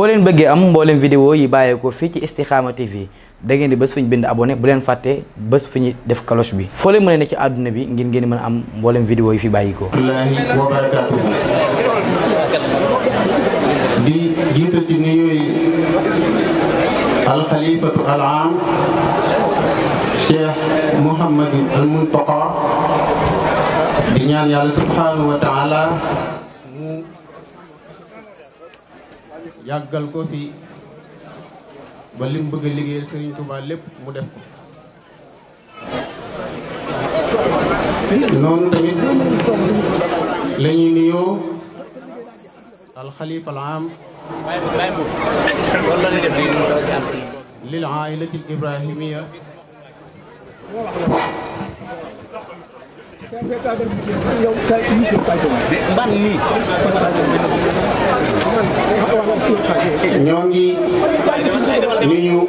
boo leen bëggee am mbooleem vidéo yi bàyyeekoo fii ci Istikhama TV da ngeen di bés fu ñu bind abonné bu leen fàtte bés fu def cloche bi foo leen mën ne ci àdduna bi ngir ngeen mën am mbooleem vidéo yi fi bàyyikoo di jiital ni yooyu alxalifatu al aam cheikh Mouhamadin al Muntaqa di ñaan yàlla subhanahu wa yàggal ko fi ba li mu bëgg a liggéeyal Serigne Touba lépp mu def ko. noonu tamit la ñuy nuyoo alxalifa al aam lil aailatil ibrahimiya ñoo ngi nuyu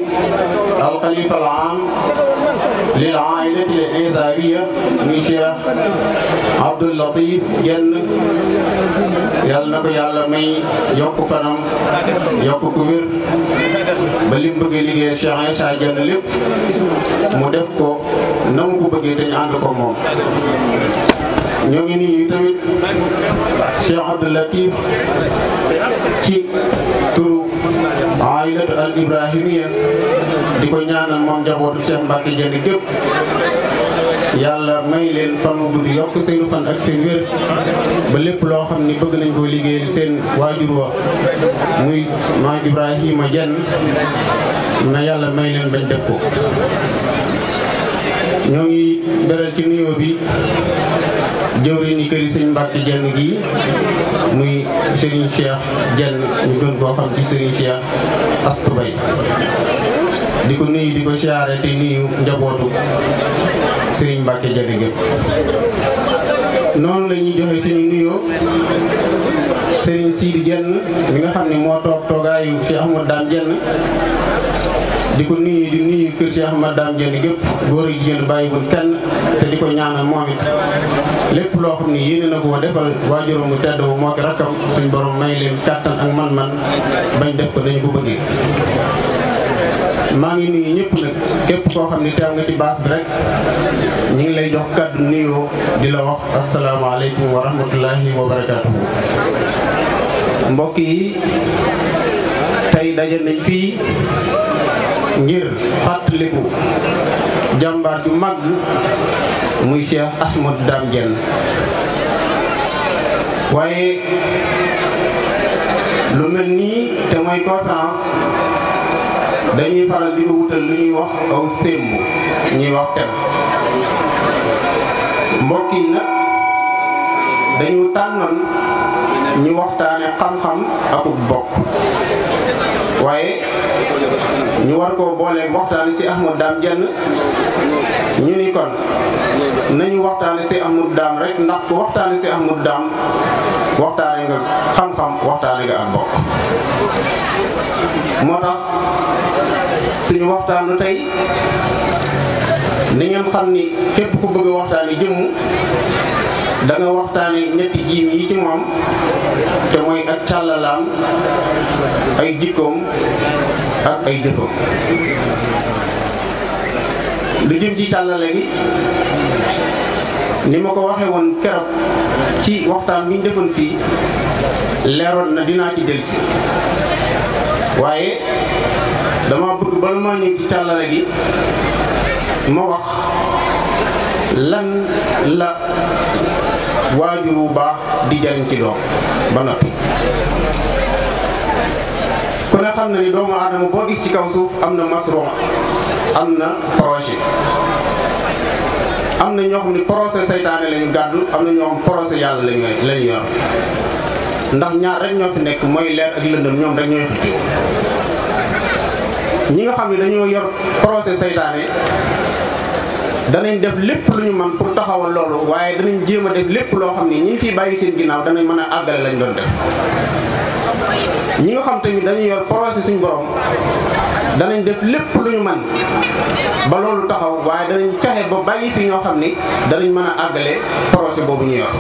al xalifa al aam lil aa'ilati al izaawiyya muy Cheikh Abdoul Latif Diène yal na ko yàlla may yokk fanam yokk ku wér ba lim bëggee liggéeyal Cheikh Issa Diène lépp mu def ko na bëggee dañu ànd ko moom. ñoo ngi nii tamit Cheikh Abdou Latif ci turu aylatu al Ibrahimiya di ko ñaanal moom njabootu Cheikh Mbacke Diène gépp yàlla may leen fan wu gudd yokk seenu fan ak seen wér ba lépp loo xam ni bëgg nañ koo liggéey seen waajur wa muy maam Ibrahima Diène na yàlla may leen bañ def ko ñoo ngi beral ci nuyoo bi jëwri ni këri sëñ Mbàkke Diène gi muy Serigne Cheikh Diène ñu gën koo xam ci Serigne Cheikh Astou di ko nuyu di ko siyaare te nuyu njabootu Serigne Mbacke Diagne gépp noonu la ñuy joxe suñu nuyoo Serigne Sidi Dieng mi nga xam ne moo toog toogaayu Cheikh Ahmad Dame Dieng di ko nuyu di nuyu kër Cheikh Ahmad Dame Dieng gépp góor yi jigéen bàyyiwul kenn te di ko ñaanal moom it lépp loo xam ne yéene na koo defal waajuram mu tedd moo ki rakkam suñ borom may leen kàttan ak man-man bañ def ko dañu ko bëggee maa ngi nuyu ñëpp nag képp koo xam ne teew nga ci baas bi rek ñu ngi lay jox kàddu nuyoo di la wax asalaamaaleykum wa rahmatullahi wa barakaatuhu. mbokk yi tey daje fii ngir fàttaliku jàmbaar ju mag muy Cheikh Ahmad Dame Diène waaye lu mel nii te mooy conférence. dañuy faral di wutal lu ñuy wax aw sémb ñuy wax tem mbokk yi nag dañu tànnoon ñu waxtaane xam-xam akub bokk waaye ñu war koo booleeg waxtaane si Ahmad Dame jenn ñu ni kon nañu waxtaane si Ahmad Dame rek ndax ku waxtaane si Ahmad Dame waxtaane nga xam-xam waxtaane nga ak bokk moo tax suñu waxtaanu tey na ngeen xam ni képp ku bëgg a waxtaani jëmm da waxtaani ñetti jiim yi ci moom te mooy ak càllalaam ay jikkoom ak ay jëfam lu jëm ci càllale gi ni ma ko waxee woon keroog ci waxtaan bi ñu defoon fii leeroon na dinaa ci delsi waaye dama bëgg bala maa ñëw ci càllale gi ma wax lan la waajur wu baax di jariñ ci doom ba noppi ku ne xam na ni doomu aadama boo gis ci kaw suuf am na masron am na projet am na ñoo xam ne projet seytaane lañu gàddu am na ñoo xam projet yàlla lañu lañu ndax ñaar rek ñoo fi nekk mooy leer ak lëndëm ñoom rek ñooy xëccoo ñi nga xam ne dañoo yor procès saytaane danañ def lépp lu ñu man pour taxawal loolu waaye danañ jéem a def lépp loo xam ne ñi ngi fiy bàyyi seen ginnaaw danañ mën a àggale lañ doon def ñi nga xam tamit dañuy yor procès suñ borom danañ def lépp lu ñu man ba loolu taxaw waaye danañ fexe ba bàyyi fi ñoo xam ni danañ mën a àggale procès boobu ñu yor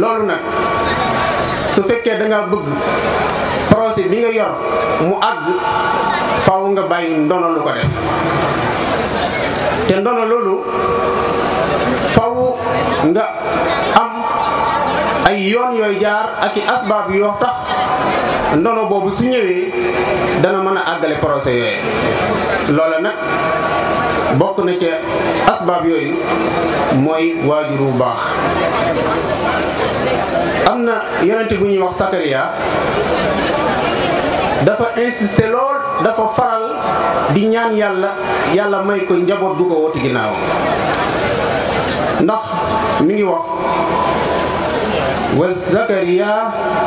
loolu nag su fekkee da bëgg projet bi nga yor mu àgg faaw nga bàyyi ndono lu ko def te ndono loolu faw nga am ay yoon yooy jaar ak i asbaab yoo tax ndono boobu su ñëwee dana mën a àggale procès yooyu loola nag bokk na ca asbaab yooyu mooy waajur wu baax am na yonente bu ñuy wax Sakariya dafa insisté lool dafa faral di ñaan yàlla yàlla may ko njaboot du ko woti ginnaaw ndax mi ngi wax وزكريا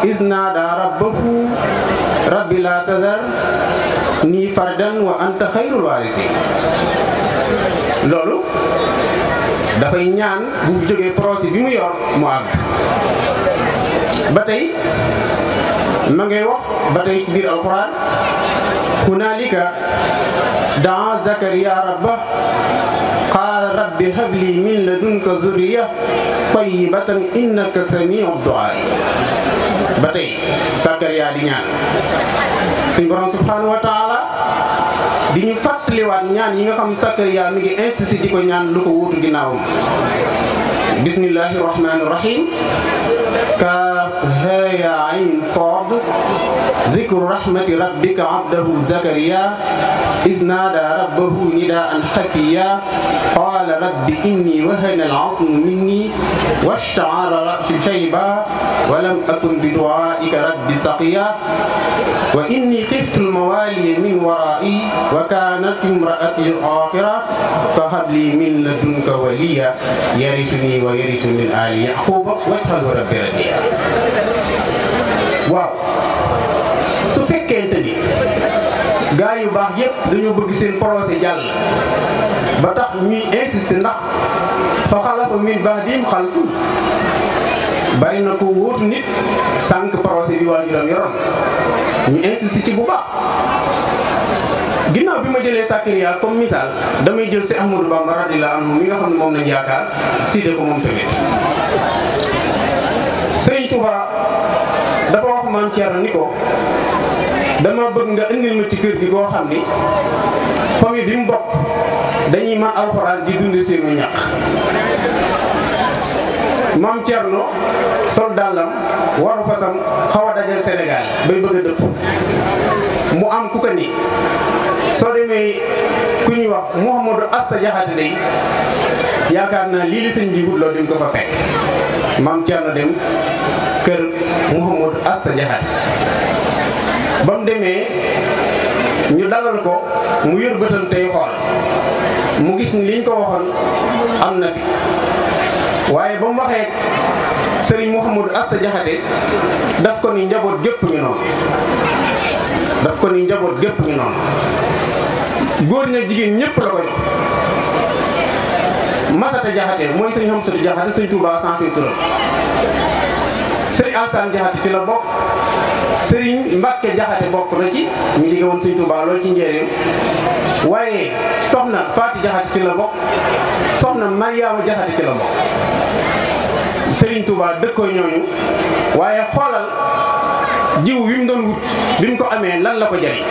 إذ نادى ربه رب لا تذرني فردا وأنت خير الوارثين loolu dafay ñaan bu fi jógee procès bi mu yor mu àgg ba tey ma ngay wax ba tey ci biir alquran hunaalika daa Zakariya rabba rabbi habli min ladunka zurriya tayyibatan innaka samiu duaa ba tey Sakariya di ñaan suñu borom subhanahu wa taala di ñu fàttaliwaat ñaan yi nga xam Sakariya mi ngi insisté di ko ñaan lu ko wuutu ginnaawam bismillahi يا عين صاد ذكر رحمة ربك عبده زكريا إذ نادى ربه نداء خفيا قال رب إني وهن العظم مني واشتعل رأسي شيبا ولم أكن بدعائك رب سقيا وإني خفت الموالي من ورائي وكانت امرأتي عاقرة فهب لي من لدنك وليا يرثني ويرث من آل يعقوب واجعله رب رضيا waaw su fekkente ni gaa yu baax yépp dañoo bëgg seen procès jàll ba tax ñuy insister ndax fa xalafa min ba'dihim xalfun bari na ko wóor nit sànq procès bi waajuram yoroon ñu insister ci bu baax ginnaaw bi ma jëlee Sakariya comme misaal damay jël si Ahmadou Bamba radiyallahu anhu mi nga xam ne moom lañ yaakaar cité ko moom tamit Sëriñ Tuubaa maam Thierno ni ko dama bëgg nga indil ma ci kër gi boo xam ni famille bi mu bokk dañuy man alxuraan di dund seenu ñaq maam Thierno sol dàllam waru fasam xaw a dajal Sénégal bay bëgg a dëpp mu am ku ko ni soo demee ku ñuy wax Mouhamadou Asta Diakhaté day yaakaar naa lii li sëñ bi wut la di ko fa fekk maam Thierno dem kër Mouhamadou Asta Diakhaté ba mu demee ñu dalal ko mu yër bëtam tey xool mu gis ni liñ ko waxoon am na fi waaye ba mu waxee sëriñ Mouhamadou Asta Diakhaté daf ko ni njaboot gépp ngi noonu daf ko ni njaboot gépp ngi noonu góor ña jigéen ñépp la ko jox Masata Diakhaté mooy sëriñ Hamsatu Diakhaté sëriñ Touba sans turam Serigne Alassane Diakhaté ci la bokk Serigne Mbacke Diakhaté bokk na ci ñu liggéey woon Serigne loolu ci njëriñ waaye soxna Fatou Diakhaté ci la bokk soxna Mariama Diakhaté ci la bokk Serigne Touba dëkkoo ñooñu waaye xoolal jiw wi mu doon wut bi mu ko amee lan la ko jëriñ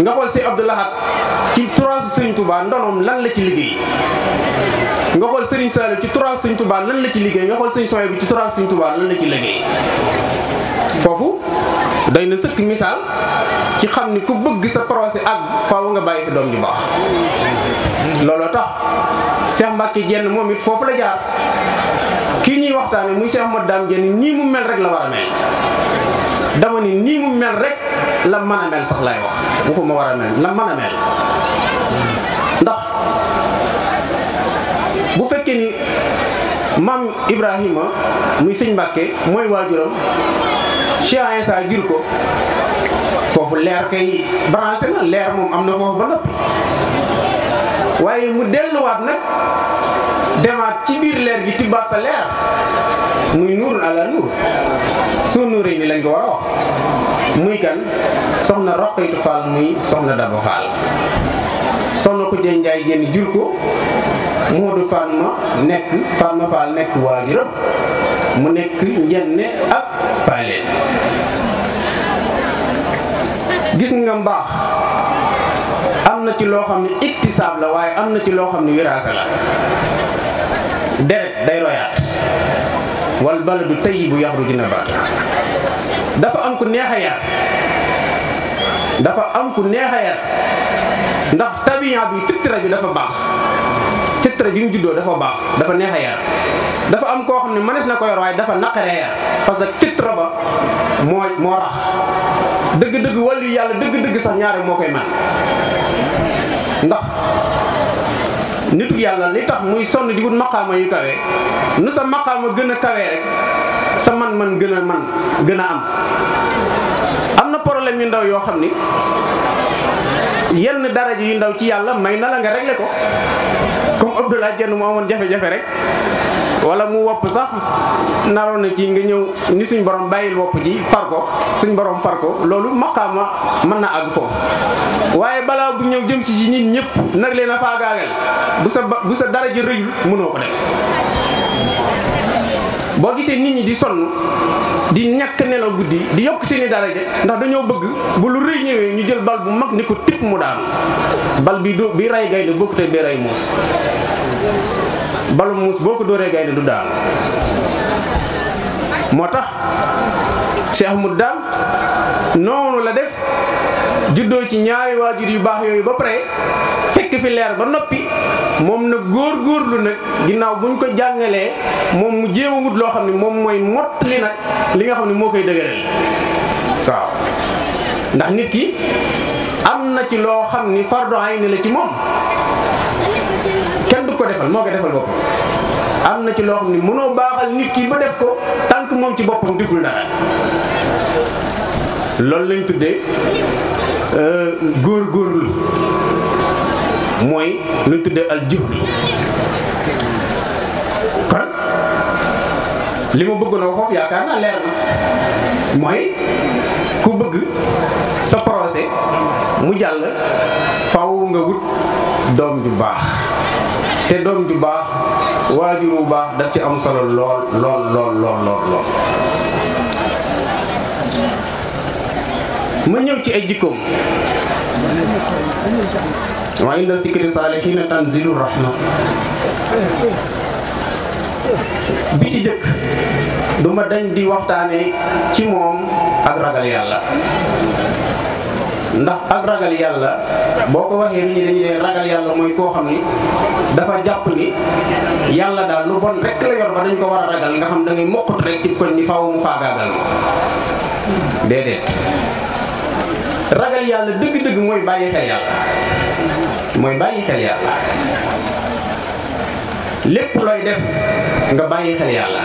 nga xool si Abdou ci trois Serigne Touba ndonoom lan la ci liggéey nga xool Serigne Saliou ci turam Serigne Touba lan la ci liggéey nga xool Serigne Souhaïbou ci turam Serigne Touba lan la ci liggéey foofu day na sëkk misaal ci xam ni ku bëgg sa procès ak faaw nga bàyyi fi doom ju baax looloo tax Cheikh Mbacke Diène moom it foofu la jaar kii ñuy waxtaane muy Cheikh Modou Dame Diène nii mu mel rek la war a mel dama ni nii mu mel rek la mën a mel sax lay wax ma war a mel la mën a mel ndax bu fekkee ni maam Ibrahima muy sëñ Mbàkke mooy waajuram Cheikh Insa jur ko foofu leer kay branché na leer moom am na foofu ba noppi waaye mu delluwaat nag demaat ci biir leer gi tibbaat fa leer muy nuurun ala nuur soo nuuree ni lañ ko wax muy kan soxna Roqaytu Fall muy soxna Daba Fall soxna ko jën Njaay génn jur ko Modou Fatma nekk Fatma Fall nekk waajuram mu nekk njenne ak paaleen gis nga mbaax am na ci loo xam ne iktisaab la waaye am na ci loo xam ne wiraasa la deret day royaat wal baladu tayyibu yaxruju nabaat dafa am ku neex a dafa am ku neex a ndax tabiya bi fitra bi dafa baax fitre bi mu juddoo dafa baax dafa neex a yar dafa am koo xam ne mënees na ko yor dafa naqaree yar parce que fitre ba moo moo rax dëgg-dëgg wàllu yàlla dëgg-dëgg sax ñaare moo koy man ndax nitu yàlla li tax muy sonn di wut maqaama yu kawe nu sa maqaama gën a kawe sa man-man gën a man gën a am am na problème yu ndaw yoo xam ni yenn daraja yu ndaw ci yàlla may na la nga réglé ko comme Abdoulaye jenn mu amoon jafe-jafe rek walla mu wopp sax naroon na ci nga ñëw ni suñ borom bàyyil wopp ji far ko suñ borom far ko loolu maqaama mën na àgg foofu waaye balaa bu ñëw jëm ci nit ñëpp nag leen a faagaagal bu sa bu sa daraja rëyul mënoo ko def boo gisee nit ñi di sonn di ñàkk nelaw guddi di yokk seeni daraja ndax dañoo bëgg bu lu rëy ñëwee ñu jël bal bu mag ni ko tipp mu daanu bal bi do bi ray gaynde bokkute bi ray muus balu muus boo ko dóoree gaynde du daal moo tax Cheikh mu Dame noonu la def juddoo ci ñaari waajur yu baax yooyu ba pare fekk fi leer ba noppi moom nag góor góorlu nag ginnaaw buñ ko jàngalee moom mu jéem a wut loo xam ne moom mooy mottali nag li nga xam ne moo koy dëgëral waaw ndax nit ki am na ci loo xam ni fardu ayni la ci moom kenn du ko defal moo ko defal boppam am na ci loo xam ni mënoo baaxal nit ki ba def ko tànk moom ci boppam deful dara loolu lañ tuddee euh, góorgóorlu mooy lu tuddee al juhd kon li ma bëgg na foofu yaakaar naa leer na mooy ku bëgg sa procès mu jàll faw nga wut doom ju baax te doom ju baax waajur wu baax daf ci am solo lool lool lool lool lool lool ma ñëw ci ay jikkoom wa inda sikri saalihiina tanzilu rahma bi ci jëkk du ma dañ di waxtaane ci moom ak ragal yàlla ndax ak ragal yàlla boo ko waxee nit ñi dañu dee ragal yàlla mooy koo xam ni dafa jàpp ni yàlla daal lu bon rek la yor ba dañ ko war ragal nga xam da ngay mokkut rek ci koñ ni faaw faagaagal ma déedéet ragal yàlla dëgg-dëgg mooy bàyyi xel yàlla mooy bàyyi xel yàlla lépp looy def nga bàyyi xel yàlla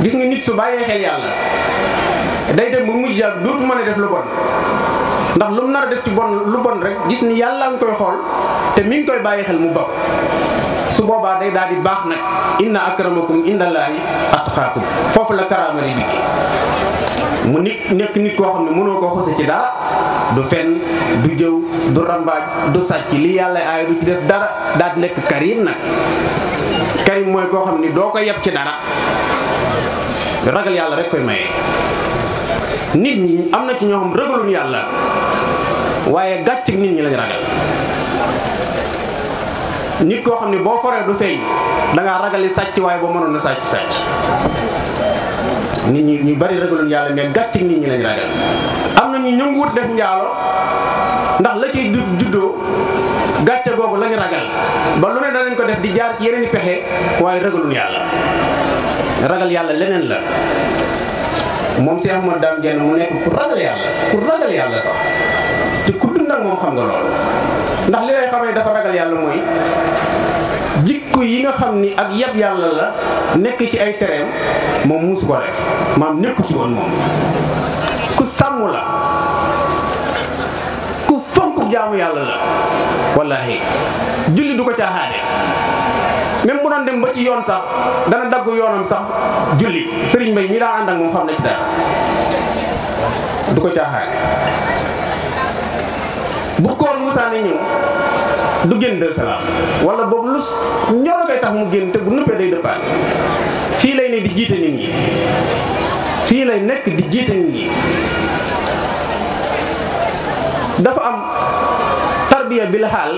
gis nga nit su bàyyee xel yàlla day dem ba mujj yàlla dootu mën a def lu bon ndax lu mu nar def ci bon lu bon rek gis ni yàlla nga koy xool te mi koy bàyyi xel mu bokk su boobaa day daal di baax nag inna akramakum indallaahi atqaakum foofu la karaama di mu nit nekk nit koo xam ne mënoo koo xose ci dara du fen du jëw du rambaaj du sàcc li yàlla aay du ci def dara daal di nekk karim nag karim mooy koo xam ni doo ko yeb ci dara ragal yàlla rek koy maye nit ñi am na ci ñoo xam ragaluñu yàlla waaye gàcc nit ñi lañ ragal nit koo xam ne boo foree du feeñ da ngaa ragali sàcc waaye boo mënoon a sàcc sàcc nit ñi ñu bari ragaluñ yàlla mais gàcceeg nit ñi lañ ragal am na ñu ñënguwut def njaalo ndax la ciy juddoo gàcce googu lañu ragal ba lu ne danañ ko def di jaar ci yeneen i pexe waaye ragaluñ yàlla ragal yàlla leneen la moom Cheikh Ahmadou Dame Diène mu nekk ku ragal yàlla ku ragal yàlla sax te ku dund ak moom xam nga loolu ndax li lay xamee dafa ragal yàlla mooy jikko yi nga xam ni ak yab yàlla la nekk ci ay tereem moom musu ko def maam nekku ci woon moom ku sàmm la ku fonk jaamu yàlla la wallahi julli du ko caaxaane même bu doon dem ba ci yoon sax dana daggu yoonam sax julli sëriñ Mbay mi daa ànd ak moom xam na ci dara du ko caaxaane bu koor musaa ne ñëw du génn Daaru Salaam wala boobu lu ñoro koy tax mu génn te bu nuppee day dëppaat fii lay ne di jiite nit ñi fii lay nekk di jiite nit ñi dafa am tarbiya bil xaal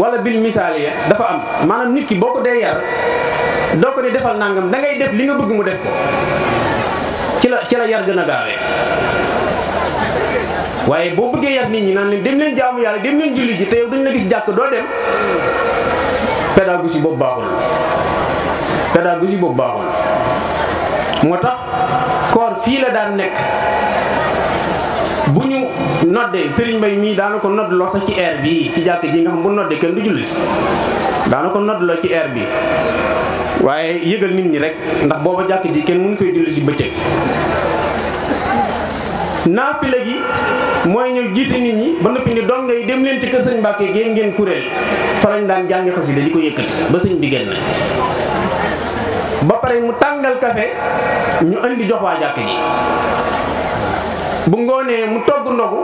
wala bil misaaliya dafa am maanaam nit ki boo ko dee yar doo ko ni defal nangam da ngay def li nga dugg mu def ko ci la ci la yar gën a gaawee waaye boo bëggee yar nit ñi naan leen dem leen jaamu yàlla dem leen julli ji te yow duñ la gis jàkk doo dem pédagogie boobu baaxul pédagogie boobu baaxul moo tax koor fii la daan nekk bu ñu noddee Serigne Mbaye mii daana ko nodd loo sax ci air bi ci jàkk ji nga xam bu noddee kenn du julli si daana ko nodd loo ci air bi waaye yëgal nit ñi rek ndax booba jàkk ji kenn mënu fay julli si bëccëg naafile gi mooy ñëw jiite nit ñi ba noppi ni dong ngay dem leen ci kër sëñ Mbàkke génn ngeen kuréel fa lañ daan jàng xasida di ko yëkkati ba sëñ bi génn ba pare mu tàngal kafe ñu indi jox waa jàkk ji bu ngoonee mu togg ndogu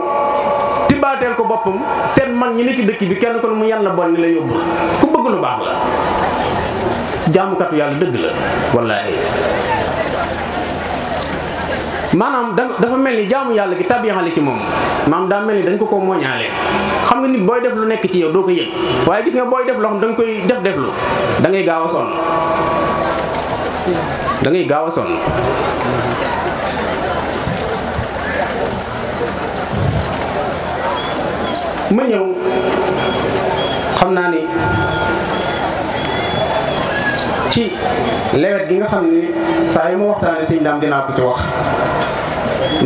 tibaateel ko boppam seet mag ñi ne ci dëkk bi kenn kon mu yàlla la bon ni la yóbbu ku bëgg lu baax la jaamukatu yàlla dëgg la wallaahi maanaam dafa mel ni jaamu yàlla gi tabiyaxale ci moom maanaam daa mel ni dañ ko ko mooñaale xam nga nit booy def lu nekk ci yow doo ko yëg waaye gis nga booy def loo xam da nga koy def def lu da gaaw a sonn da ngay sonn ma ñëw xam naa ni ci lewet gi nga xam ni saa yi ma waxtaanee sëñ daam dinaa ko ci wax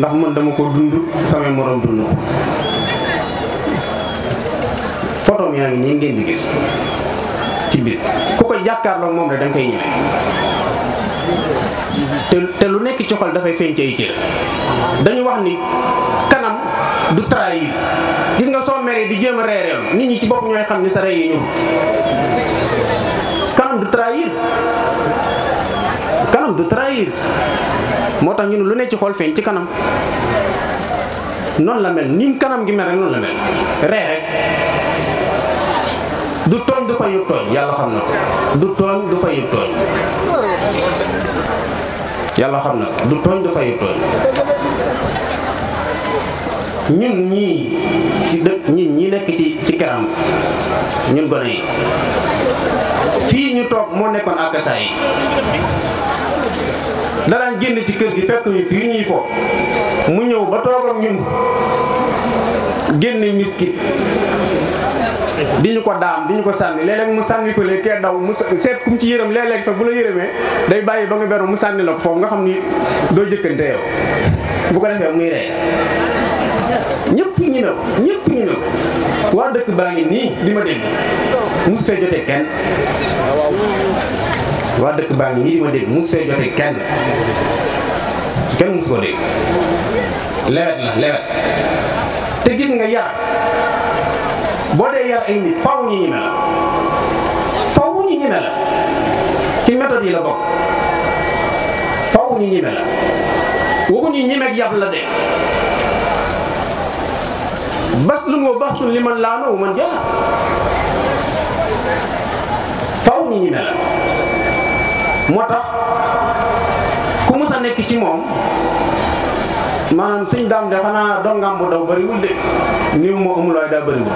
ndax man dama ko dund samay morom dund ko fotoom yaa ngi nii ngeen di gis ci biir ku koy jàkkaarloo moom rek da nga koy te te lu nekk ci dafay feeñ ci ay cër dañu wax ni kanam du trahir gis nga soo meree di jéem a reereelu nit ñi ci bopp ñooy xam ni sa rey yi ñëw kanam du trahir kanam moo tax ñu lu ne ci xool feeñ ci kanam noonu la mel ni kanam gi mel rek noonu la mel ree rek du tooñ du fa yëg tooñ yàlla xam na du tooñ du fa yëg tooñ ñun ñii ci dëkk ñun ñi nekk ci ci këram ñun gone yi fii ñu toog moo nekkoon ak saa yi daraan génn ci kër gi fekk ñu fii ñuy fo mu ñëw ba toog ak ñun génne miskit di ñu ko daam di ñu ko sànni léeg mu sànni fële kee daw mu seet kum ci yërëm léeg-léeg sax bu la yërëmee day bàyyi ba nga beru mu sànni la ko nga xam ni doo jëkkante yow bu ko defee muy rey ñëpp ñu ne ñëpp ñu ne waa dëkk baa ngi nii li ma dégg mus fee jotee kenn waa dëkk baa ngi nii li ma dégg mus fee jotee kenn kenn mus ko dégg lewet la te gis nga yar boo dee yar ay nit faw ñu ñeme la faw ñu ñeme la ci méthode yi la bokk faw ñu ñeme la waxuñu ñemeeg yàpp la de baslun wa baxsun li man laana wa man jaa faw ñi ñi ne la moo tax ku mës a nekk ci moom maanaam sëñ daam de xanaa dongam bu daw bëriwul de nii moo amul waaye daa bëriwul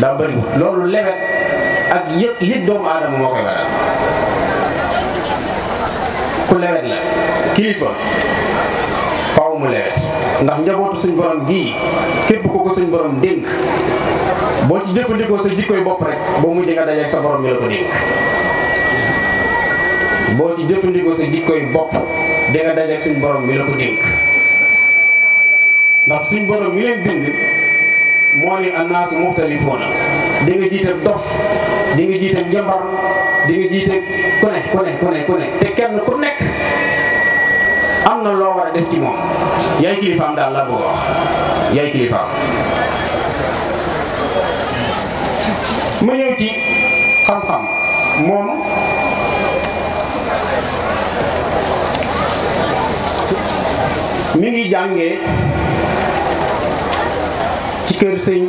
daa bëriwul loolu lewet ak yëg yëg doomu aadama moo koy waral ku lewet la kilifa mu lewet ndax njabootu suñ borom gii képp ko ko suñ borom dénk boo ci jëfandikoo sa jikkoy bopp rek boo mujjee nga dajeeg sa borom mi la ko dénk boo di nga dajeeg suñ borom mi la ko dénk ndax suñ borom mi leen bind moo ni annaasu muxtalifuuna di nga jiite dof di nga jiite njambar di nga jiite ku ne ku ne ku ne ku ne te kenn ku nekk am na loo war a def ci moom yaay kilifaam daal la bëgg wax yaay kilifaam mu ñëw ci xam-xam moom mi ngi jàngee ci kër sëñ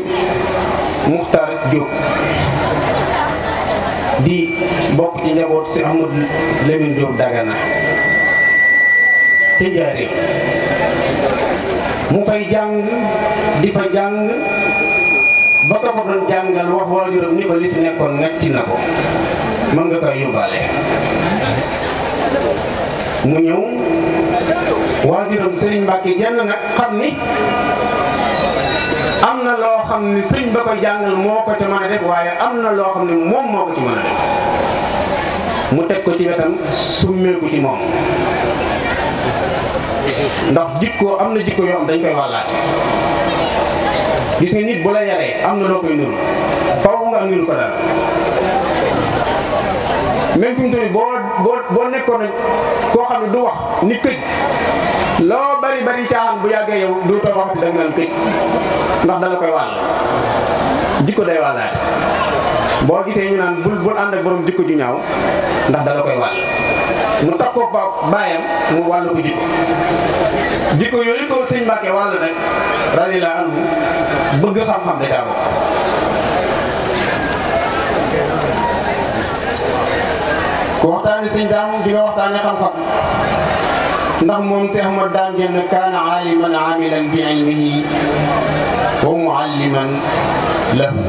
Muxtar Diop di bokk ci njaboot si Ahmad Lamine Diop Dagana ci njaareem mu fay jàng di fa jàng ba ko ko doon jàngal wax waajuram ni ko li fi nekkoon nekk ci na ko mën nga koy yóbbaale mu ñëw waajuram sëriñ Mbàkke jenn nag xam ni am na loo xam ni sëriñ ba ko jàngal moo ko ca mën a waaye am na loo xam ne moom moo ko ci mën mu teg ko ci wetam summeeku ci moom ndax jikko am na jikko yoo xam dañ koy wàllaate gis nga nit bu la yaree am na loo koy nuru faaw nga am lu ko daal même fi mu toll boo boo boo nekkoon koo xam ne du wax nit këj loo bari bari caaxaan bu yàggee yow du toog waxati da nga këj ndax dala koy wàll jikko day wàllaate boo gisee ñu naan bul bul ànd ak borom jikko ju ñaaw ndax dala koy wàll. mu takkoo ba baayam mu wàll ko jikko jikko yooyu ko sëñ Mbàkke wàll nag radiyallaahu xam-xam da ku xam-xam ndax moom Seex Ahmad Daam Jenn kaana aaliman aamilan bi ilmihi wa mualliman lahu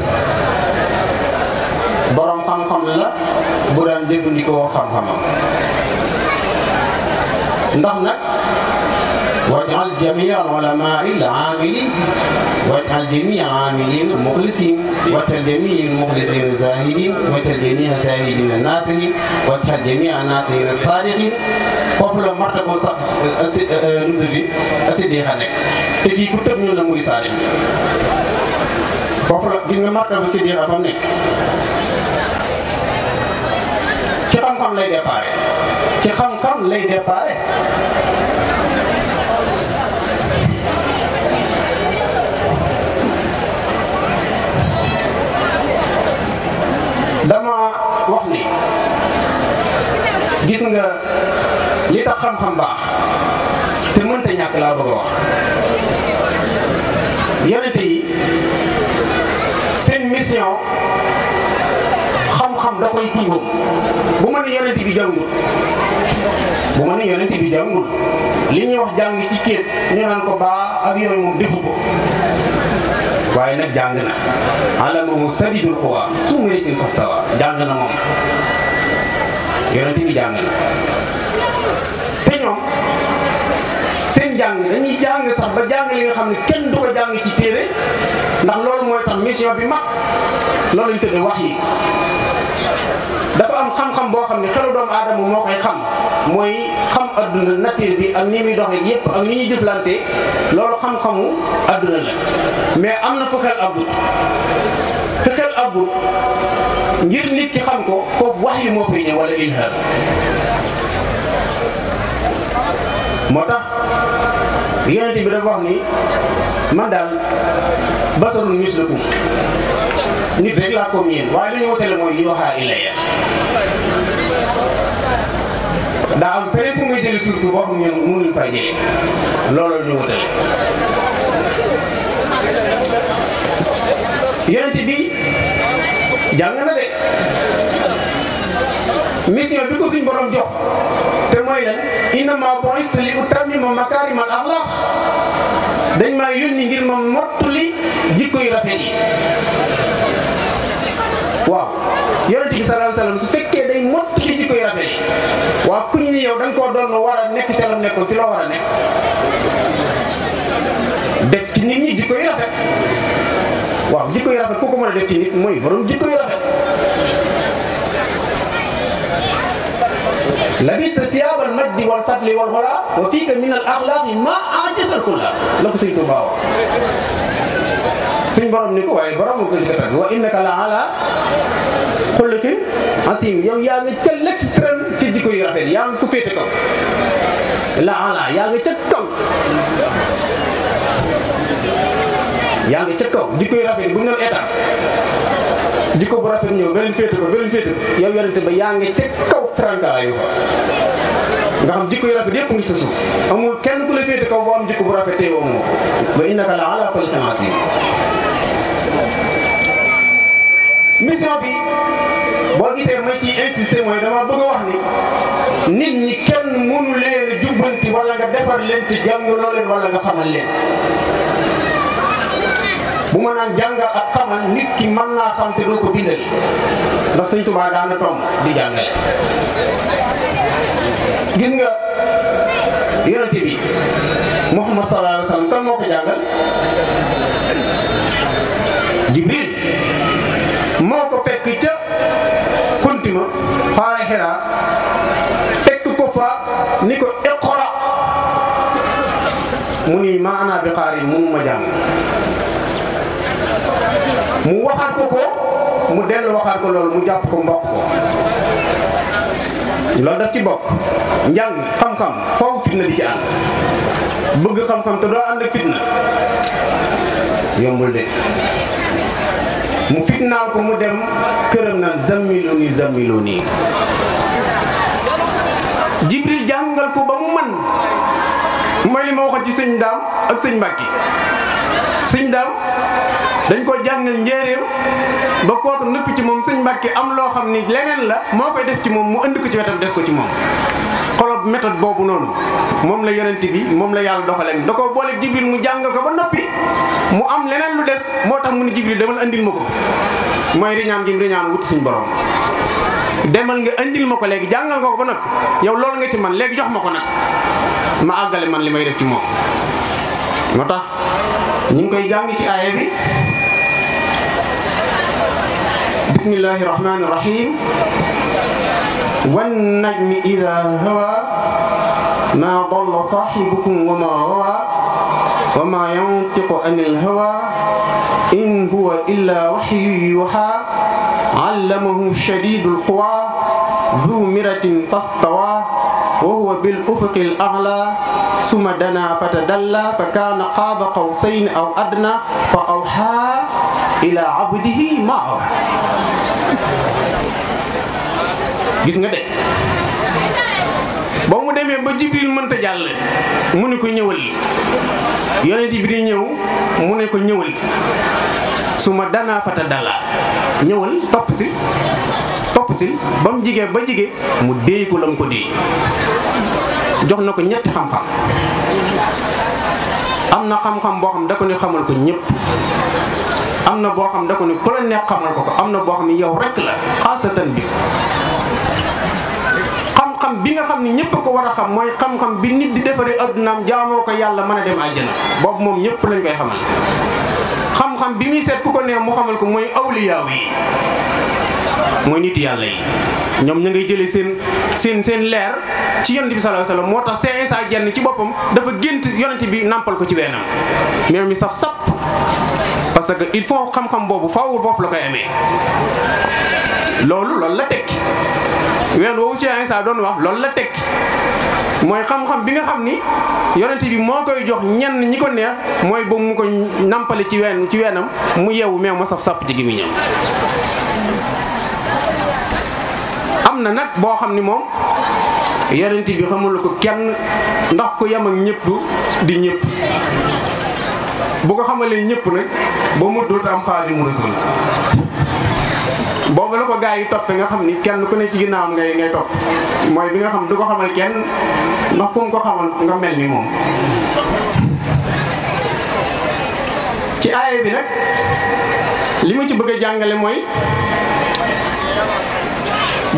borom xam-xam la bu daan jëfandikoo xam-xamam ndax nag wajal al ulama al amilin wajal jamia amilin muxlisin wajal muxlisin zahidin wajal jamia zahidin nasirin wajal jamia nasirin sadiqin foofu la martabo sax euh, euh, euh, numtudi asidiq a nekk te fii ku tëb ñu la muri sadiq foofu la gis nga martabo ci xam-xam lay déparé ci xam-xam lay déparé dama wax ni gis nga li tax xam-xam baax te mënta ñàkk laa bëgg a wax yonente yi seen mission da koy tuuru bu ma ne yonent bi jàngul bu ma ne yonent bi jàngul li ñuy wax jàng ci kéet ñu naan ko baa ak yooyu moom defu ko waaye nag jàng na allamahu shadiidul quwaa zu murratin fastawaa jàng na moom yonent bi jàng na te ñoom seen jàng dañuy jàng sax ba jàng li nga xam ne kenn du ko jàng ci téere ndax loolu mooy tax mission bi mag loolu ñu tëddee wax yi dafa am xam-xam boo xam ne xelu doomu aadama moo koy xam mooy xam adduna nature bi ak ni muy dox yépp ak ni ñuy jëflante loolu xam-xamu adduna la mais am na fa xel àggut fa xel àggut ngir nit ki xam ko foofu wax yi moo fay ñëw wala ilham moo tax yonent bi dafa wax ni man daal basarun mislukum nit rek laa comme yéen waaye li ñu wutale mooy yooxaa ilaya daa am feneen fu muy jëli suuf si boo xam ne mënuñ faa jëlee loolu la ñu wutale yonent bi jàng na de mission bi ko suñ borom jox te mooy lan innama bu'istu li utammima makaarimal axlaaq dañ maa yónni ngir ma mottali jikko yu rafet yi waaw yonent bi sallallahu alayhi wasallam su fekkee day mott li jikko yu rafet yi waaw ku ñu ni yow koo doon war nekk ca la ci loo war a def ci nit ñi jikko yu rafet waaw jikko yu rafet ku ko mën a def ci nit mooy borom jikko yu rafet labista siyaabal majdi wal fadli wal xolaa wa fiika min al ma ajasal kulla la ko sëñ Tuubaa suñ borom ni ko waaye borom ko jëkk tàgg wa innaka la ala xulliqin asim yow yaa ngi ca l'extrême ci jikko yu rafet yaa ngi ko féete kaw la ala yaa ngi ca jikko yu rafet bu ñu doon jikko bu rafet ñëw nga leen ko nga leen féete yow yorante ba yaa ngi ca kaw frankalaayu nga xam jikko yu rafet yëpp ngi sa suuf kenn ku la féete kaw boo am jikko bu rafet tey amoo wa innaka la ala xalqin azim mission bi boo gisee may ci insister mooy dama bëgg wax ni nit ñi kenn mënu leen jubbanti wala nga defar leen te jàngaloo leen wala nga xamal leen bu ma naan jàngal ak xamal nit ki mën naa xam te doo ko bindal ndax sëñ Tuubaa daan na tomb di jàngale gis nga yonente bi Muhammad sallallahu ko jàngal Jibril moo ko fekk ca kuntima xaare Hiraa fekk ni ko iqra mu ni ma ana bi xaarin mënuma jàng mu waxaat ko ko mu dellu waxaat ko loolu mu jàpp ko mbokk loolu daf ci bokk njàng xam-xam foofu fitna di ci ànd bëgg xam-xam te doo ànd ak fitna yombul de mu fitnaaw ko mu dem këram naan zammiloo nii zammiloo nii jibril jàngal ko ba mu man mooy li ma waxoon ci sëñ daal ak sëñ yi sëñ daam dañ koo jàngal njéeréem ba kooku nëpp ci moom sëñ Mbàkke am loo xam ni leneen la moo koy def ci moom mu indi ko ci wetam def ko ci moom xolob méthode boobu noonu moom la yonent bi moom la yàlla doxaleen da ko boole jibril mu jàng ko ba noppi mu am leneen lu des moo tax mu ne jibril demal andil ma ko mooy riñaan gi riñaan wut suñ borom demal nga andil ma ko léegi jàngal nga ko ba noppi yow loolu nga ci man léegi jox ma ko nag ma àggale man li may def ci ñu ngi koy jàng ci aaya bi bismillahi rahmani rahim wan najmi ida hawa ma dalla saaxibukum wa ma gawa wa ma yantiqu an il hawa in huwa illa waxyu yuxa allamahu shadidu lquwa du miratin fastawa وهو بالأفق الأعلى ثم دنا فتدلى فكان قاب قوسين أو أدنى فأوحى إلى عبده ما أوحى gis nga de ba mu demee ba Jibril mënta jàll mu ne ko ñëwal yonent bi di ñëw mu ne ko ñëwal su ma danaa fata dala ñëwal topp si bopp ba mu jigee ba jigee mu déey ko la mu ko déey jox na ko ñetti xam-xam am na xam-xam boo xam da ko ni xamal ko ñëpp am na boo xam da ko ni ku la nekk xamal ko ko am na boo xam ni yow rek la bi xam-xam bi nga xam ne ñëpp ko war a xam mooy xam-xam bi nit di defaree addunaam jaamoo ko yàlla mën a dem àjjana boobu moom ñëpp lañ koy xamal xam-xam bi muy seet ku ko neex mu xamal ko mooy awliyaaw yi mooy nit yàlla yi ñoom ñu ngay jëlee seen seen seen leer ci yonent bi sallallahu alayhi wasallam moo tax Seex Isaa Jenn ci boppam dafa gént yonent bi nàmpal ko ci weenam même mi saf sap parce que il faut xam boobu faaw foofu la koy amee loolu loolu la tekki ween woowu Seex Isaa doon loolu la tekki mooy xam-xam bi nga xam ni yonent bi moo koy jox ñenn ñi ko neex mooy ba mu ko nàmpale ci ween ci weenam mu yeewu mais ma saf sap ci gémmiñam am nag boo xam ni moom yonent bi xamul ko kenn ndax ko yam ak ñëpp di ñëpp bu ko xamalee ñëpp nag ba mu dootu am Xaadimu Rasuul boobu la ko gaa yi toppee nga xam ni kenn ku ne ci ginnaawam ngay ngay topp mooy bi nga xam du ko xamal kenn ndax ku ko xamal nga mel ni moom ci aaya bi nag li ma ci bëgg a jàngale mooy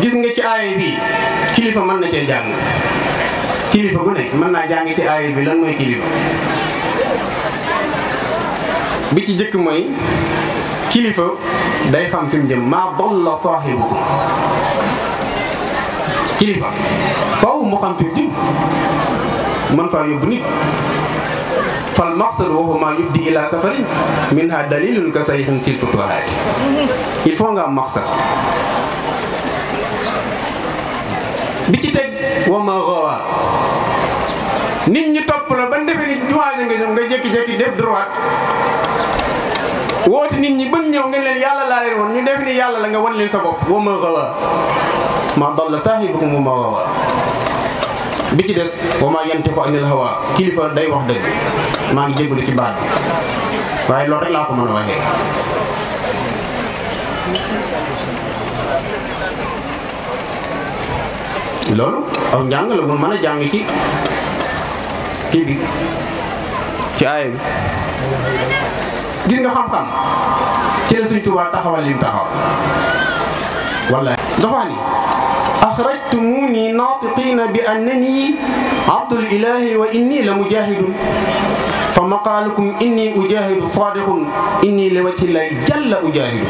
gis nga ci aaya kilifa mën na cee jàng kilifa bu ne mën naa jàng ci aaya bi lan mooy kilifa bi ci jëkk mooy kilifa day xam fi mu jëm maa dalla saahibukum kilifa faw mu xam fi jëm mën faa yóbbu nit fal wa huwa ma yufdi ila safarin minha dalilun ka sayhin silfutuhaat il faut nga am maqsad bi ci teg wa ma nit ñi topp la ba defe ni jumaa ja nga ñëw nga jékki-jékki def droit woote nit ñi ba ñëw nga leen yàlla laa leen woon ñu def ni yàlla la nga wan leen sa bopp wa ma gowa ma dalla saahibukum wa ma gowa bi ci des wa ma yantiqu anil hawa kilifa day wax dëgg maa ngi jégalu ci baat bi waaye loolu rek laa ko mën a waxee loolu aw njàng la mun mën a jàng ci kii bi ci aaya bi gis nga xam-xam teel Sëriñ Tuubaa taxawal li mu taxaw wallaay dafa ni axrajtumuni naatiqiina bi annani abdul ilahi wa inni la mujahidun fa maqaalukum inni ujahidu saadiqun inni li wajhi llahi jalla ujahidu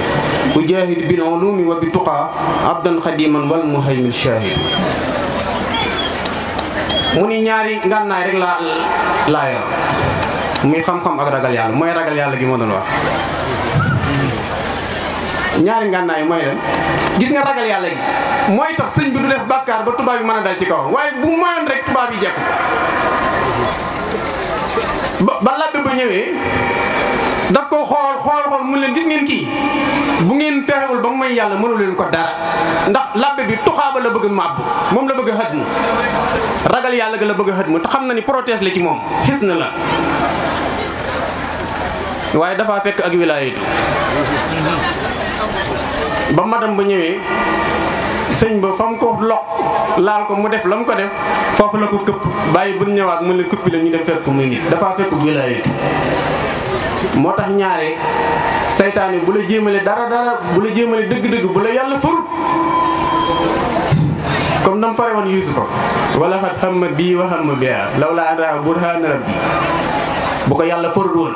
ujaahid bil ulumi wa bi tuqaa abdan xadiman wal muhaymin shaahid mu ni ñaari ngànnaay rek laa laa yor muy xam-xam ak ragal yàlla mooy ragal yàlla bi ma doon wax ñaari ngànnaay mooy lan gis mooy tax sëñ bi du def bàkkaar ba tubaab yi mën a dal ci kaw waaye bu maan rek tubaab yi jekku ba labbe ba ñëwee daf ko xool xool xool mu leen gis ngeen kii bu ngeen fexewul ba mu may yàlla mënu leen ko dara ndax labbe bi tuxaaba la bëgg màbb moom la bëgg a xët mu ragal yàlla gi la bëgg a xët mu te xam na ni protège la ci moom xis na la waaye dafa fekk ak wilaayatu ba madam ba ñëwee sëñ ba fa mu ko loq laal ko mu def la mu ko def foofu la ko këpp bàyyi bu ñëwaat mu ne kuppi la ñu dem fekk muy nit dafa fekk wilaayatu moo tax ñaare saytaane bu la jéemale dara dara bu la jéemale dëgg-dëgg bu la yàlla farut comme nam fare woon yusufa wala xat xamma bii wa xamma bi lawla an raa burhaana rabbi bu ko yàlla farut woon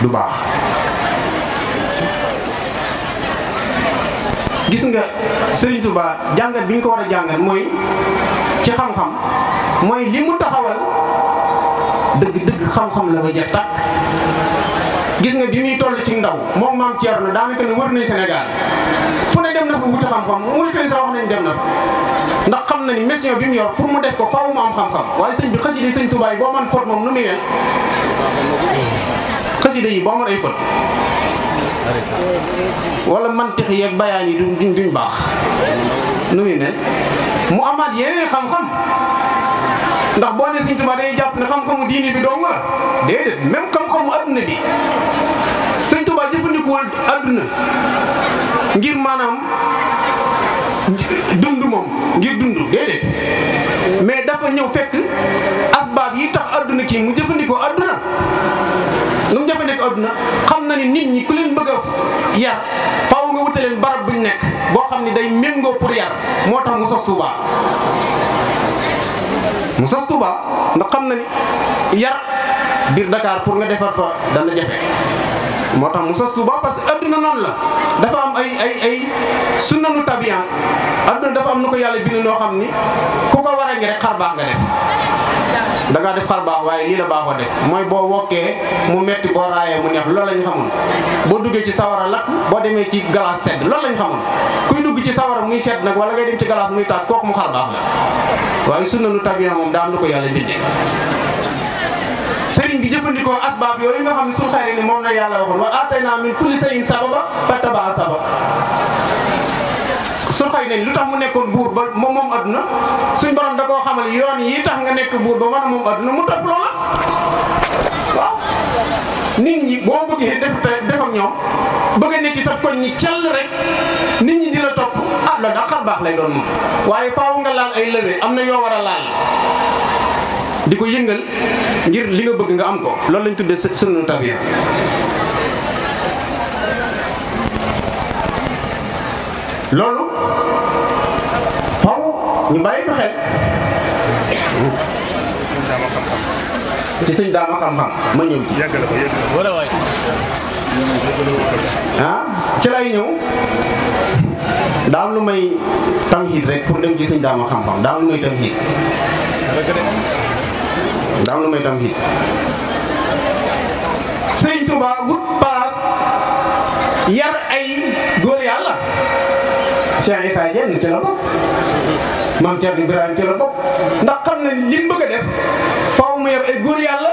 du baax gis nga Serigne Touba jàngat bi ñu ko war a jàngat mooy ci xam-xam mooy li mu taxawal dëgg dëgg xam-xam la ba jeex gis nga bi muy toll ci ndaw moom maam Thierno daanaka ne wër nañ Sénégal fu ne dem na fa wuti xam-xam ndax xam na ni mission mu yor pour mu def ko faaw mu am xam-xam waaye sëñ bi xasida yi sëñ Touba boo man fot moom nu muy mel yi boo mën ay fot wala mantiq yeeg bayaan yi duñ duñ baax nu muy mu amaat yeneen xam-xam ndax boo ne Sëriñ Tuubaa day jàpp ne xam-xamu diini bi dong la déedéet même xam-xamu adduna bi Sëriñ Tuubaa jëfandikuwul adduna ngir maanaam dund moom ngir dund déedéet mais dafa ñëw fekk asbaab yi tax adduna kii mu jëfandikoo adduna lu mu jëfandikoo adduna xam na ni nit ñi ku leen bëgg a yar faaw nga wutaleen barab buñ nekk boo xam ne day méngoo pour yar moo tax mu sox Tuubaa mu sax Touba ndax xam na ni yar biir Dakar pour nga defar fa dana jafe moo tax mu sos Touba parce que adduna noonu la dafa am ay ay ay sunnanu tabian adduna dafa am nu ko yàlla bind noo xam ni ku ko war a rek xar baax nga def dangaa ngaa def xar baax waaye lii la baaxoo def mooy boo wokkee mu metti boo raayee mu neex loolu lañ xamul boo duggee ci sawara lakk boo demee ci glace sedd loolu lañ xamul kuy dugg ci sawara muy sedd nag wala ngay dem ci glace muy tàkk kooku mu xar baax la waaye sunna nu tabiya moom daa am lu ko yàlla bindee sëriñ bi jëfandikoo asbaab yooyu nga xam ne suñu xayri ni moom la yàlla waxoon wa atay naa min kulli sayin sababa fattaba sabab su xay nañ lu tax mu nekkoon buur ba moom moom adduna suñ borom da koo xamal yoon yi tax nga nekk buur ba man moom adduna mu topp loola waaw nit ñi boo bëggee def te ñoom bëgg ne sa koñ ñi cell rek nit ñi di la topp ah loolu daa xar baax lay doon moom waaye faaw nga laal ay lëwe am na yoo war a laal di ko yëngal ngir li nga bëgg nga am ko loolu lañ tuddee sunu tabiya loolu faw ñu bàyyi ko xel ci sëñ daama xam ma ñëw ci ah ci lay ñëw daam lu may tamxiit rek pour dem ci sëñ daama xam daam lu may tamxiit daam lu may tamxiit sëñ Tuubaa wut paas yar ay Cheikh Issa Diène ci la bokk maam Thierno Ibrahima ci la bokk ndax xam na li mu bëgg a def faaw mu yor ay góor yàlla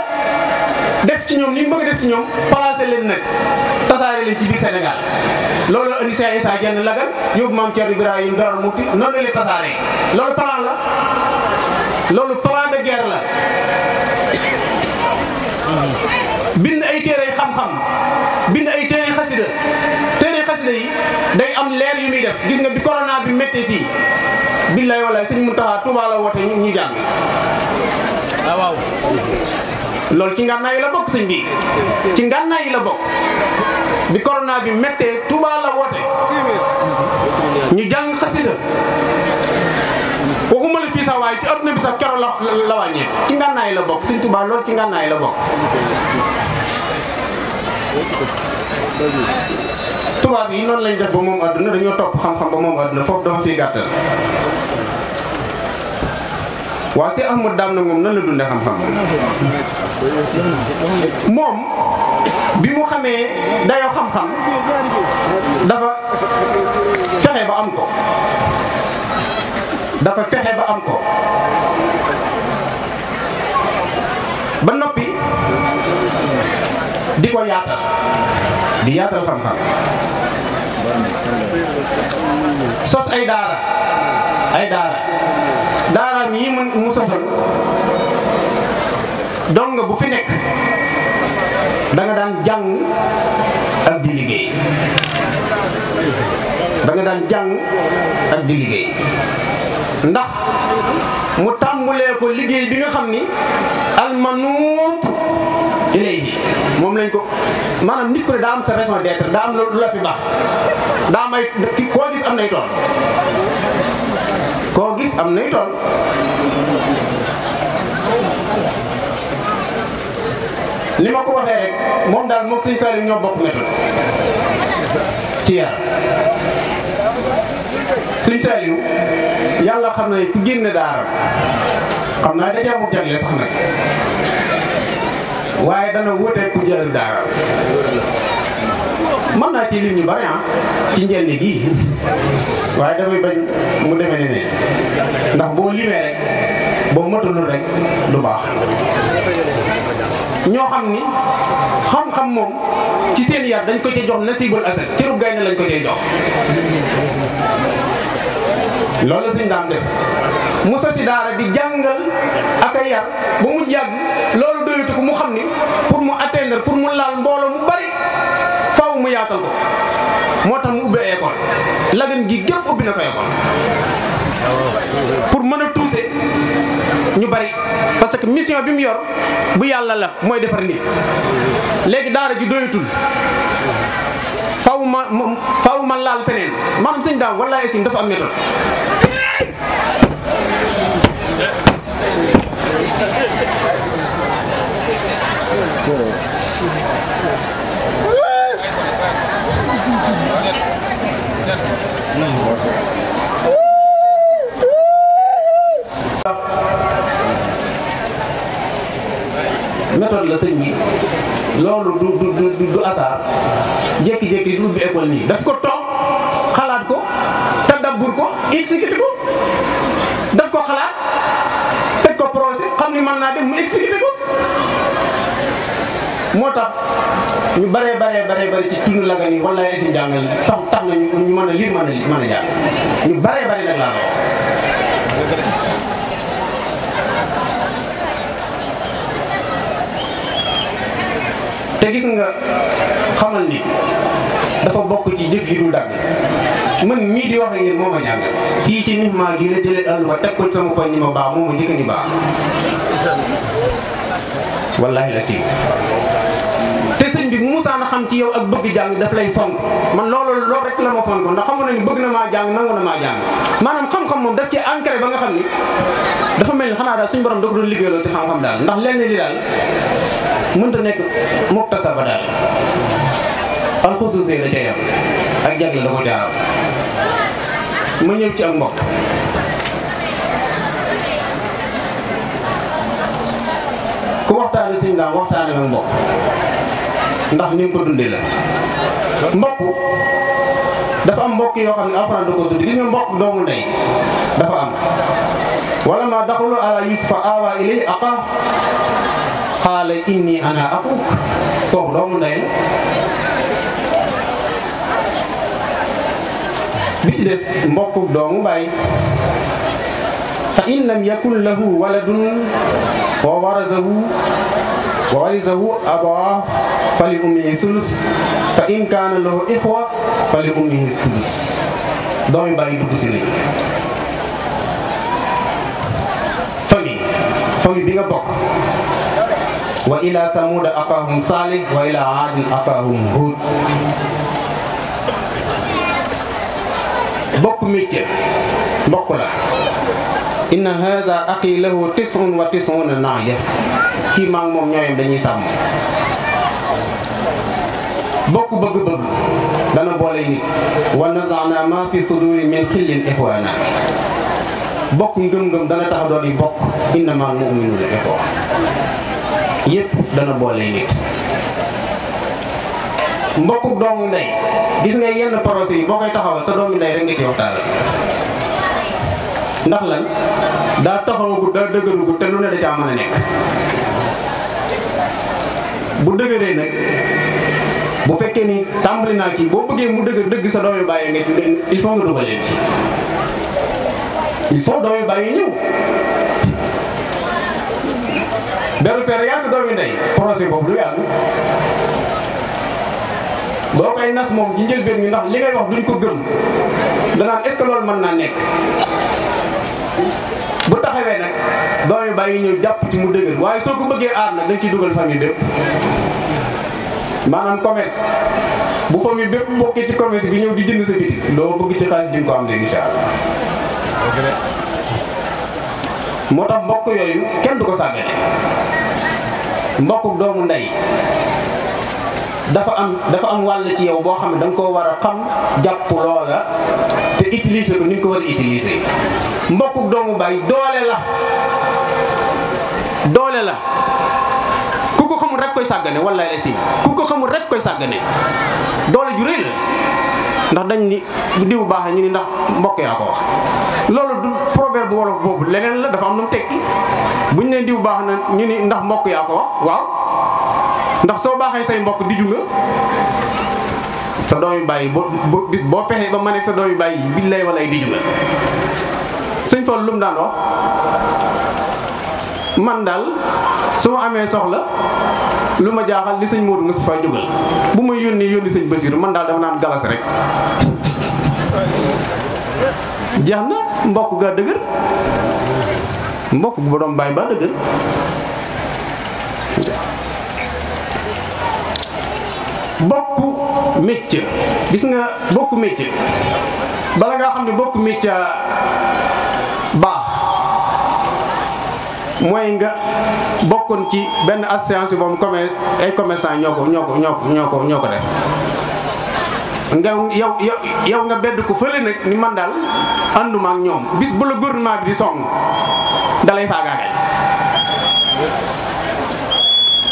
def ci ñoom li mu bëgg a def ci ñoom placé leen nag tasaare leen ci biir senegal loolu la indi Cheikh Issa Diène lagal yóbbu maam Thierno Ibrahima Darou Mouti noonu de guerre la ay téere xam-xam day am leer yu muy def gis nga bi corona bi méttee fii billaay walaay sëñ Mountakha Touba la woote ñu ñu jàng waaw ah, waaw loolu ci ngànnaay yi la bokk sëñ bi ci ngànnaay yi la bokk bi corona bi méttee Touba la woote ñu jàng xasida waxuma la fii sax waaye ci adduna bi sax coro la la wàññee ci ngànnaay la bokk sëñ ci ngànnaay la bokk tubaab yi noonu lañ def ba moom àdduna dañoo topp xam-xam ba moom àdduna foofu dama fiy gàttal waaw si Ahmad moom nan la dunde xam-xam moom bi mu xamee dayoo xam dafa fexe ba am ko dafa fexe ba am ko ba noppi di ko yaatal di yaatal xam-xam sos ay daara ay daara daaraam yi mu sosal dong bu fi nekk da daan jàng ak di liggéey da nga daan jàng ak di liggéey ndax mu tàmbulee ko liggéey bi nga xam ni almanuut ilayhi moom lañ ko maanaam nit ku daa am sa raison d'être daa am lu la fi baax daa may koo gis am nay tool koo gis am nay tool li ma ko waxee rek moom daal moom sëñ Saliou ñoo bokk méthode ci yar sëñ Saliou yàlla xam na ku génn daara xam naa da cee amul jagle sax nag waaye dana wuteeg ku jël daara mën naa ci lim ñu bari ah, ci njënd gi waaye damay bañ mu demee ne ne ndax boo limee rek boo matulul rek du baax ñoo xam ni xam-xam moom ci seen yar dañ ko ci jox nasibul asad cërub gaynde lañ ko cee jox loolu suñ daan def mu sosi daara di jàngal ak a yar ba mu jàgg wëlbatiku mu xam ni pour mu atteindre pour mu laal mbooloo mu bari faaw mu yaatal ko moo tax mu ubbee école Lagane gi gépp ubbi na ko école pour mën a toucher ñu bari parce que mission bi mu yor bu yàlla la mooy defar nit léegi daara ji doyatul faaw ma faaw ma laal feneen maam sëñ daam wallaahi sëñ dafa am méthode méthode la sëñ bi loolu du du du du asaar du ubbi école nii daf ko toog xalaat ko tadabbur ko exécuté ko daf ko xalaat teg ko projet xam ni mën naa dem mu exécuté ko. moo tax ñu baree baree baree bari ci tund la nga nii wala ay seen na ñu mën a lire mën a lire mën a jàng ñu baree bari nag laa wax te gis nga xamal ni dafa bokk ci jëf yi dul dàgg man mii di wax ak yéen moo ma jàngal fii ci Mihma gi la jëlee àll ba teg ko sama koñ ma baax moo ma njëkk baax wallaahi la bi mu musaan xam ci yow ak bëgg jàng daf lay fonk man loolu loolu rek la ma fonk ndax xamu na bëgg na maa jàng nangu na maa jàng maanaam xam-xam moom daf ci ancré ba nga xam ni dafa mel ni xanaa daal suñ borom da ko doon liggéeyaloo ci xam-xam daal ndax lenn li daal mënta nekk muktasaba daal alxusuusee la ca yam ak ma ci ak mbokk ku mbokk ndax ni ko dundee la mbokk dafa am mbokk yoo xam ne alxuraan ko tudd gis nga mbokk dafa am wala ma daxulu ala yusufa awa ilay aqa xaala inni ana aquk kooku doomu ndey la bi ci des mbokk doomu baay fa in lam yakun lahu waladun wa وغيظه أبا فلأمه ثلث فإن كان له إخوة فلأمه الثلث doomi bàyyi dugg si léegi famille famille bi nga bokk wa ila samuda aqahum salih wa ila aadin aqahum hud bokk métier mbokk la inna hada aqi lahu tisun wa tisuna naaya kii maa ngi moom ñooyam dañuy sàmm bokk bëgg-bëgg dana boole nit wa nazaana ma fi suduri min xillin ixwaana bokk ngëm-ngëm dana tax doon yi bokk innama al muminuuna ixwa yépp dana boole nit mbokku doomu ndey gis nga yenn procès yi boo koy taxawal sa doomu ndey rek nga ci ndax lan daa taxawagu daa dëgëragu te lu ne da caa a nekk bu dëgëree nag bu fekkee ni tàmbali naa kii boo bëggee mu dëgër dëgg sa doomi bàyyi nga il faut nga dugal il faut doomi bàyyi ñëw beru fer yaa sa doomi ndey projet boobu du yàgg boo koy nas moom ci njëlbeen gi ndax li ngay wax duñ ko gëm danaan est-ce que mën naa nekk bu taxawee nag doom yi bàyyi ñëw jàpp ci mu dëgër waaye soo ko bëggee aar nag dañ ci dugal fami bépp maanaam commerce bu famille bépp bokkee ci commerce bi ñëw di jënd sa biti doo bëgg ci xaalis di ko am de incha allah moo tax mbokk yooyu kenn du ko sàggane mbokk doomu ndey dafa am dafa am wàll ci yow boo xam ne da nga koo war a xam jàpp loola te utiliser ko ni ko war a utiliser mbokku doomu baay doole la doole la ku ko xamul rek koy sàggane wala la si ku ko xamul rek koy sàggane doole ju rëy la ndax dañ ni bu diw baax ñu ni ndax mbokk yaa loolu du proverbe wolof boobu leneen la dafa am lu mu tekki buñ ne diw baax na ñu ni ndax mbokk yaa ko wax waaw ndax soo baaxee say mbokk diju nga sa doomi bàyyi boo boo bis boo fexee ba ma nekk sa doomi bàyyi billaay walaay diju nga sëñ Fall lu mu daan wax man daal su ma amee soxla lu ma jaaxal li sëñ Modou Moustapha jógal bu ma yónnee yónni sëñ Basiru man daal dama naan galas rek jeex na mbokk gaa dëgër mbokk bu doom bàyyi ba dëgër métier gis nga bokk métier bala ngaa xam ni bokk métier ba mooy nga bokkoon ci benn association moom comme ay commerçant ñoo ko ñoo ko ñoo ko ñoo ko ñoo ko def nga yow nga bedd ko fële ni man daal ànduma ak ñoom bis bu la gouvernement bi di song dalay faagaagal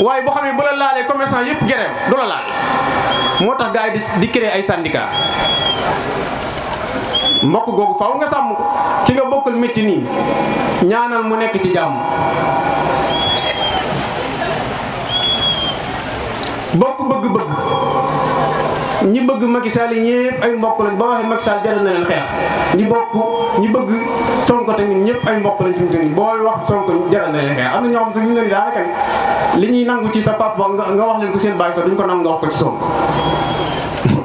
waaye boo xamee ne bu la laalee commerçant yëpp grève du la laal moo tax gars yi di créer ay syndicat mbokk googu faaw nga sàmm ko ki nga bokkal métti nii ñaanal mu nekk ci jàmm bokk bëgg-bëgg ñi bëgg Macky Sall yi ñëpp ay mbokk lañ ba waxee Macky Sall jaral na leen xeex ñi bokk ñi bëgg Sonko tamit ñëpp ay mbokk lañ fi mu nii booy wax Sonko jaral na leen xeex am na ñoo xam ne fi mu ne nii li ñuy nangu ci sa papa nga wax leen ko seen bàyyi sax duñ ko nangu nga wax ko ci Sonko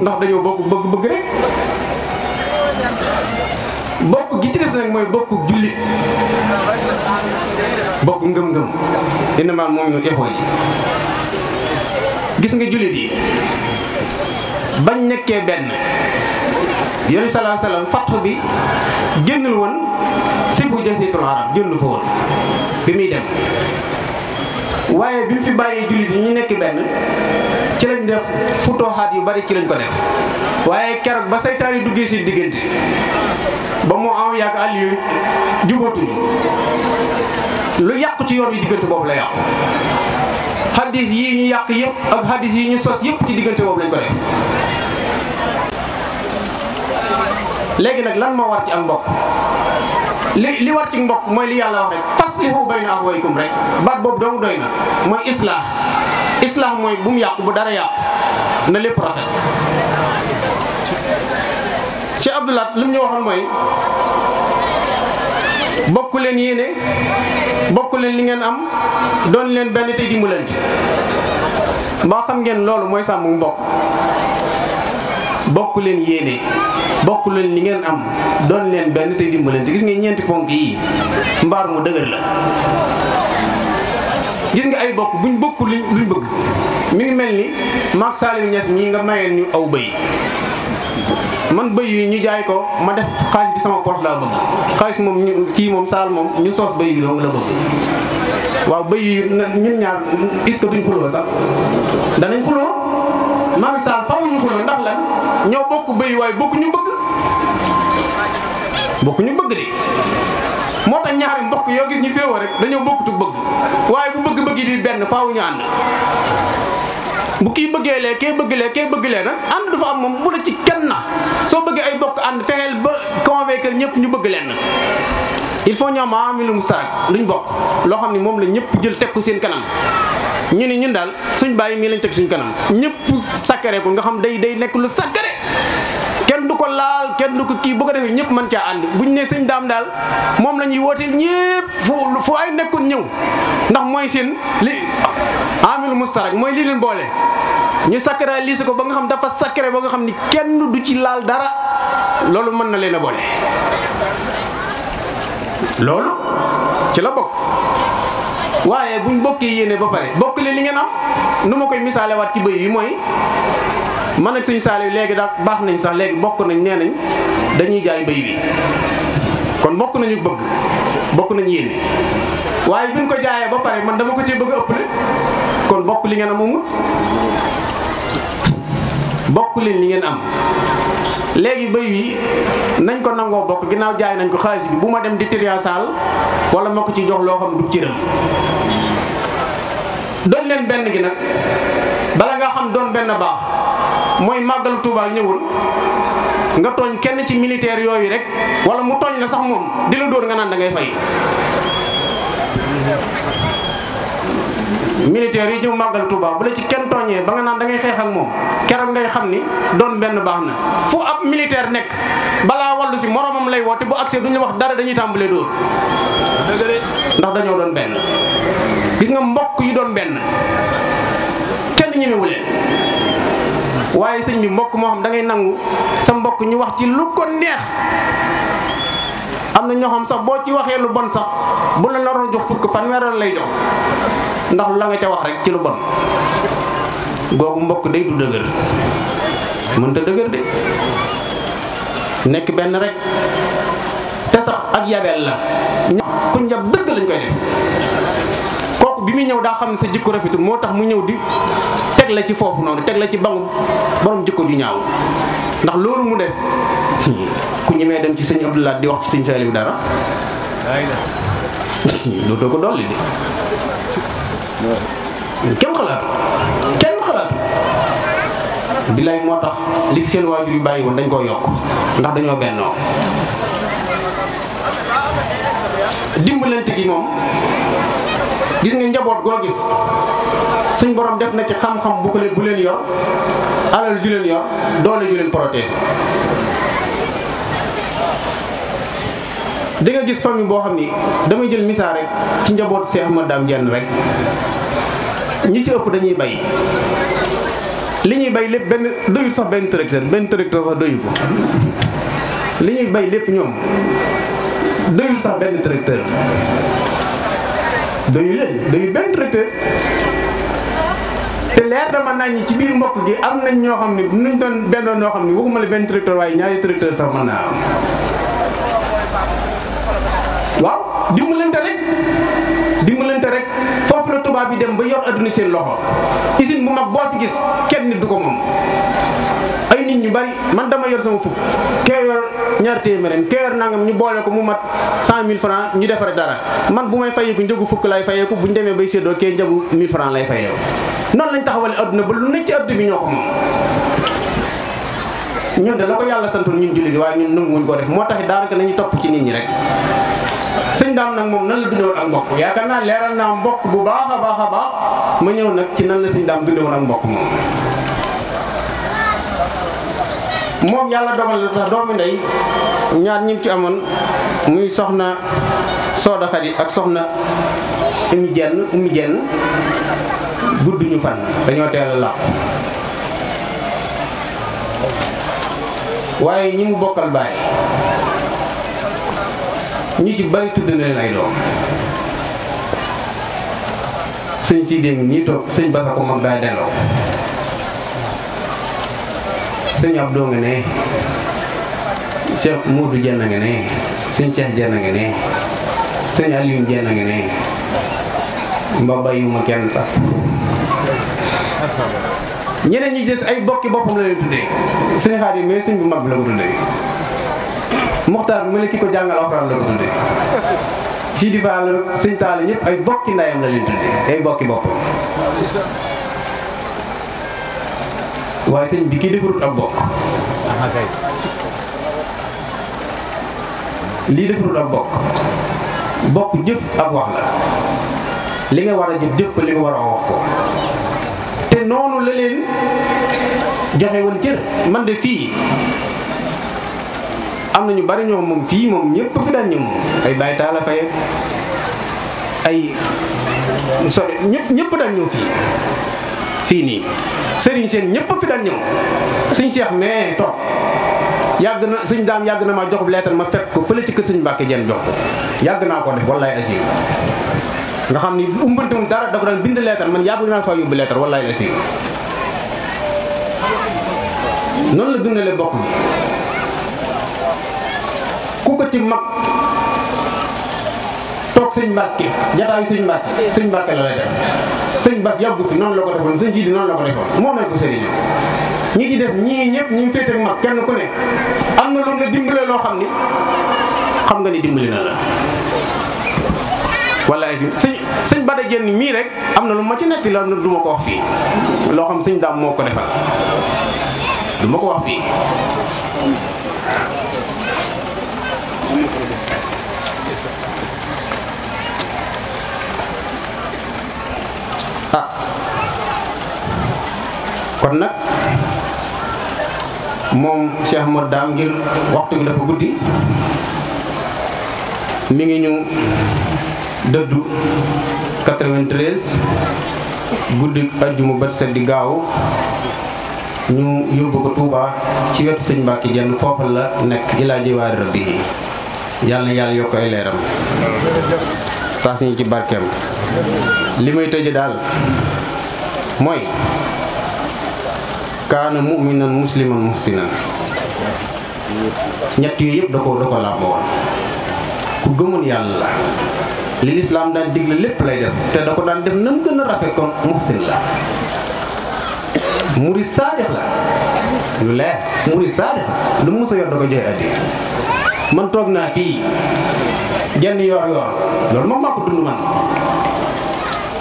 ndax dañoo bokk bëgg bëgg bokk gi ci des nag bokk jullit bokk ngëm-ngëm innamaa mu'minuuna ixwa yi gis nga jullit yi bañ nekkee benn yéen salaa salaam bi génnul woon simpu jasiitul arab génn fa woon bi muy dem waaye bi mu fi bàyyi jullit yi ñu nekk benn ci lañ def futooxaat yu bari ci lañ ko def waaye keroog ba saytaan yi duggee si diggante ba mu am yàgg àll yu jubatuñu lu yàqu ci yoon yi diggante boobu la yàqu xaddis yi ñu yàq yëpp ak xaddis yi ñu sos yëpp ci diggante boobu lañu ko def léegi nag lan moo war ci am mbokk li li war ci mbokk mooy li yàlla wax rek faslihu bayna axwaykum rek ba boobu doomu doy na mooy islah islah mooy bu mu yàqu bu dara yàq na lépp rafet Cheikh Abdoulaat li mu ñu waxoon mooy bokk leen yéene bokk leen li ngeen am doon leen benn tey dimbalante mbaa xam ngeen loolu mooy sàmm mbokk bokk leen yéene bokk leen li ngeen am doon leen benn tey dimbalante gis ngeen ñeenti ponk yi mbaar mu dëgër la gis nga ay bokk buñ bokk luñ luñ bëgg mi ngi mel ni maag Saliou Niass ñii nga mayeen ñu aw bëy man bëy yi ñu jaay ko ma def xaalis bi sama poche laa bëgg xaalis moom ñu moom saal moom ñu soos bëy bi dong la bëgg waaw bëy yi ñun ñaar est-ce que duñ xuloo sax danañ xuloo maanaam saal faaw xuloo ndax lan ñoo bokk bëy waaye bokk ñu bëgg bokk ñu bëgg de moo tax ñaari mbokk yoo gis ñu féewoo rek dañoo bokkut bëgg waaye bu bëgg-bëgg yi di benn faaw ànd bu kii bëggee lee kee bëgg lee kee bëgg lee nag ànd du fa am moom bu la ci kenn na soo bëggee ay bokk ànd fexeel ba convaincre ñëpp ñu bëgg leen na il faut ñu am amilu mustarak luñ bokk loo xam ne moom la ñëpp jël teg ko seen kanam ñu ni ñun daal suñ bàyyi mii lañ teg suñ kanam ñëpp sakkare ko nga xam day day nekk lu sakkare kenn du ko laal kenn du kii bu ko defee ñëpp mën caa ànd buñ ne sëñ daam daal moom la ñuy wooteel ñëpp fu fu ay nekkoon ñëw ndax mooy seen amil mustarak mooy lii leen boole ñu sacraliser ko ba nga xam dafa sacré ba nga xam ni kenn du ci laal dara loolu mën na leen a boole loolu ci la bokk waaye buñ bokkee yéene ba pare bokk leen li ngeen am nu ma koy misaale waat ci bëy wi mooy mën ak sëñ Saliou léegi daal baax nañ sax léegi bokk nañ nee nañ dañuy jaay bëy wi kon bokk nañu bëgg bokk nañ yéene waaye buñ ko jaayee ba pare man dama ko ci bëgg ëpp kon bokk li ngeen am amut bokk leen li ngeen am léegi bëy wi nañ ko nangoo bokk ginnaaw jaay nañ ko xaalis bi bu ma dem di triansaal wala ma ko ci jox loo xam du cëram doon leen benn gi nag bala nga xam doon benn baax mooy màggalu Tuubaa ñëwul nga tooñ kenn ci militaire yooyu rek wala mu tooñ la sax moom di la dóor nga naan da fay militaire yi ñëw màggal Touba bu la ci kenn tooñee ba nga naan da ngay ak moom keroog ngay xam ni doon benn baax na fu ab militaire nekk balaa wallu si moromam lay woote bu accès duñu wax dara dañuy tàmbalee dóor ndax dañoo doon benn gis nga mbokk yi doon benn kenn ñemewu leen waaye sëñ bi mbokk moo xam da nangu sa mbokk ñu wax ci lu ko neex am na ñoo xam sax boo ci waxee lu bon sax bu la naroon jox fukk fanweer lay jox ndax la nga ca wax rek ci lu bon googu mbokk day du dëgër mënta dëgër de nekk benn rek te sax ak yabeel la ku njab dëgg lañ koy def kooku bi muy ñëw daa xam ne sa jikko rafetul moo tax mu ñëw di teg la ci foofu noonu teg la ci bangu borom jikko ju ñaaw ndax loolu mu def ku ñemee dem ci sëñ Abdoulaye di wax ci sëñ Saliou dara dootoo ko dolli de kenn xalaatu kenn xalaatu bilaay moo tax li fi seen waajur yu bàyyi woon dañ koo yokk ndax dañoo bennoo dimbalante gi moom gis nga njaboot goo gis suñ borom def na ci xam-xam bu ko leen bu leen yor alal ju yor doole ju leen protéger di nga gis famille boo xam ni damay jël misaal rek ci njaboot Cheikh Ahmad Dame Diène rek ñi ci ëpp dañuy bay li ñuy bay lépp benn doyul sax benn tracteur benn tracteur sax doyu ko li ñuy bay lépp ñoom doyul sax benn tracteur doyu leen doyul benn tracteur te leer dama nañ ci biir mbokk gi am nañ ñoo xam ne nuñ doon benn ñoo xam ne waxuma la benn tracteur waaye ñaari tracteur sax mën naa am ñu dem ba yor adduna seen loxo usine bu mag boo fi gis kenn nit du ko moom ay nit ñu bari man dama yor sama fukk kee yor ñaar téeméeram kee nangam ñu boole ko mu mat cent mille francs ñu defar dara man bu may fayeeku njëgu fukk lay fayeeku bu ñu demee bay séddoo kee njëgu mille francs lay fayeeku noonu lañ taxawale adduna ba lu ne ci adduna bi ñoo ko moom ñun de la ko yàlla santoon ñun jullit waaye ñun nanguwuñ ko def moo tax daanaka nañu topp ci nit ñi rek sëñ daam nag moom nan la dundewoon ak mbokk yaakaar naa leeral naa mbokk bu baax a baax a baax ma ñëw nag ci nan la sëñ daam dundewoon ak mbokk moom. moom yàlla dogal na sax doomu ndey ñaar ñim ci amoon muy soxna Sooda Xadi ak soxna Umi Jenn Umi gudd ñu fan dañoo teel la waaye ñi mu bokkal baay ñu ci bari tudd na leen ay doom sëñ si dégg ñii toog sëñ basa ko mag daay delloo sëñ Abdou nga ne Cheikh Modou Dieng nga ne sëñ Cheikh Dieng nga ne sëñ Aliou Dieng kenn sax ñeneen ñi des ay bokki boppam la leen tuddee sëñ Xaadim mais sëñ bu mag bi la ko tuddee Muxtaar mu ne ki ko jàngal alxuraan la ko tuddee Sidi Fall sëñ Taal ñëpp ay bokki ndayam la leen tuddee ay bokki bopp waaye sëñ bi bokk lii defarut ak bokk bokk jëf ak wax la li nga war a jëf ko li nga war a wax ko te noonu la leen joxe woon man de fii am na ñu bari ñoo moom fii moom ñëpp fi daan ñëw ay Baye Talla Faye ay sori ñëpp ñëpp daan ñëw fii fii nii sëriñ seen ñëpp fi daan ñëw suñ seex mais toog yàgg na suñ daan yàgg na maa jox lettre ma fekk ko fële ci kër suñ Mbàkke Jeen jox ko yàgg naa ko def wallaay asir nga xam ni umbantum dara dafa daan bind lettre man yàgg naa faa yóbbu lettre wallaay asir noonu la dundale bokk bi fokkati mag toog sëñ Mbàkke jataayu sëñ Mbàkke sëñ Mbàkke la lay def sëñ Bass yàggu fi noonu la ko defoon sëñ Sidi noonu la ko defoon moom lañ ko sëriñ ñi ci des ñii ñëpp ñu ngi féete am na lu nga loo xam ni xam nga ni dimbali na la wala ay sëñ sëñ Bada Jenn mii rek am na lu ma ci netti la am ko wax fii loo xam sëñ daam moo ko defal du ma ko wax fii kon nag moom Cheikh Ahmadou ngir waxtu bi dafa guddi mi ngi ñu dëddu 93 guddi ajjuma bët set di gaaw ñu yóbbu ko Touba ci wetu sëñ Mbacke Diène foofu la nekk ilaa jiwaari yi yàlla yàlla yokk ay leeram taas ñu ci barkeem li may tëje daal mooy kaana muminan musliman muhsinan ñett yooyu yëpp da ko da ko woon ku gëmoon yàlla la li lislaam daan digle lépp lay def te da ko daan def nam gën a rafet kon muhsin la murid saadix la lu leer murid saadix lu mu mës a da ko joxe addi man toog naa fii genn yoor yoor loolu moom maa dund man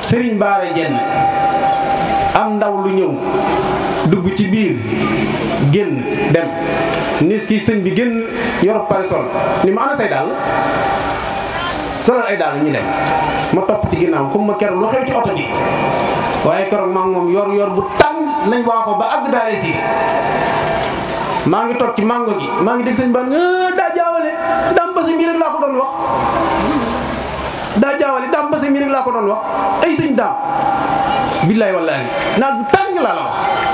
sëriñ baare jenn am ndaw lu ñëw dugg ci biir génn dem nis ki sëñ bi génn yor parasol ni ma ana say daal solal ay daal ñu dem ma topp ci ginnaaw comme ma keroog lu xew ci oto bi waaye keroog maa ngi moom yor yor bu tàng lañ waaxoo ba àgg daal maa ngi toog ci mango gi maa ngi dégg sëñ ban daa jaawale daam basi mii rek laa ko doon wax daa jaawale daam basi mii rek laa ko doon wax ay sëñ daam billaay wallaahi naaj bu tàng laa la wax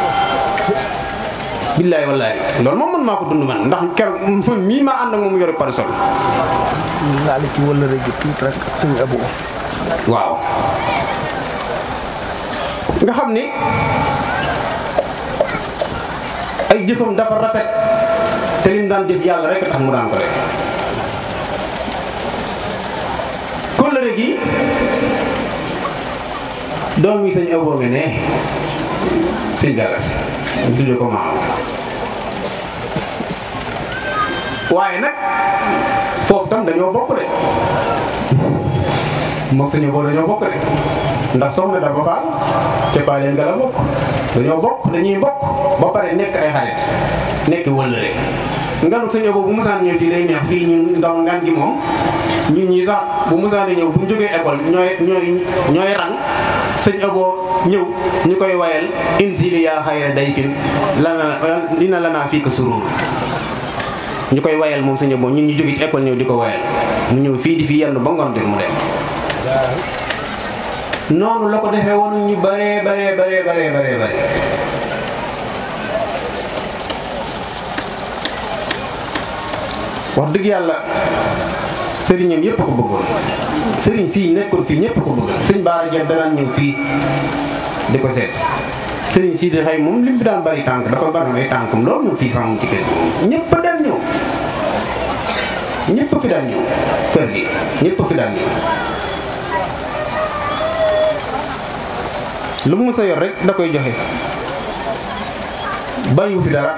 billaay wallaay loolu moom man ko dund man ndax ker man mii maa ànd ak moom yore parasol. ñu laale ci wala rek tuuti rek sëñ Abu. waaw. nga xam ni ay jëfam dafa rafet te lim daan jëf yàlla rek tax mu daan ko def. kóllëre gi doom yi sëñ Abu nga ne. sëñ Dara si ñu ko maam waaye nag foofu tam dañoo bokk de moom suñu boor dañoo bokk dañoo bokk dañuy bokk ba pare nekk ay xarit nekk wëllëre ngan suñu boobu bu musaan ñëw fii day neex fii ñu ndaw ngan gi moom ñun ñi sax bu musaan ñëw bu ñu jógee école ñooy ñooy ñooy sëñ Abo ñëw ñu koy wayal inzili yaa xayra dayfin lana dina lanaa fii ko suruur ñu koy wayal moom sëñ Abo ñun ñu jóge ci école ñëw di ko wayal mu ñëw fii di fi yendu ba ngoon def mu dem noonu la ko defee woon ñu bare bare bare bare bare wax dëgg yàlla sëriñam yëpp ko bëggoon sëriñ sii nekkoon fii ñëpp ko bëgg sëñ Baara Dieng danaan ñëw fii di ko seet sëriñ sii di xëy moom lim bi daan bari tànk dafa bari ay tànkam loolu moom fii sax moom ci kër gi ñëpp daan fi daan ñëw lu mu mës yor rek da koy joxe bàyyiwu fi dara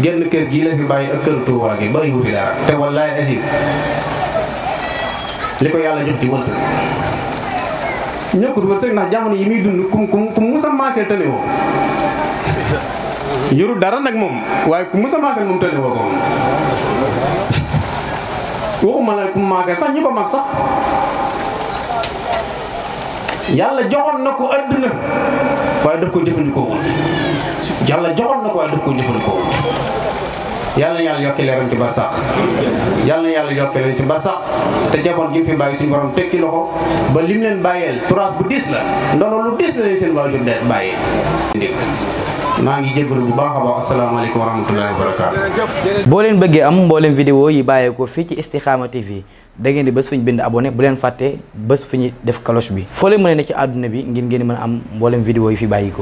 genn kër gii la fi bàyyi ak kër Touba gi bàyyiwu fi dara te wallaay asi li ko yàlla jox ci wërsëg ñëkkut wërsëg ndax jamono yi muy dund kum kum kum musa maaseel tane woo yoru dara nag moom waaye ku musa maaseel moom tane woo ko waxuma la ku maaseel sax ñu ko mag sax yàlla joxoon na ko àdduna waaye daf ko jëfandikoo woon yàlla joxoon na ko waaye daf koy jëfandikoo yàlla na yàlla ci barsax na yàlla yokki te jaboon gi fi bàyyi suñu borom tekki loxo ba lim leen bàyyeel turaas bu diis la ndono lu diis la leen seen waajur de ngi jégalu bu baax a baax asalaamaaleykum wa rahmatullahi boo leen bëggee am mboolem vidéo yi bàyyeekoo fii ci Istikhama TV da ngeen di bés fu ñu bind abonné bu leen fàtte bés fu ñu def cloche bi foo leen mën a ci àdduna bi ngir ngeen mën am mboolem vidéo yi fi bàyyi bàyyikoo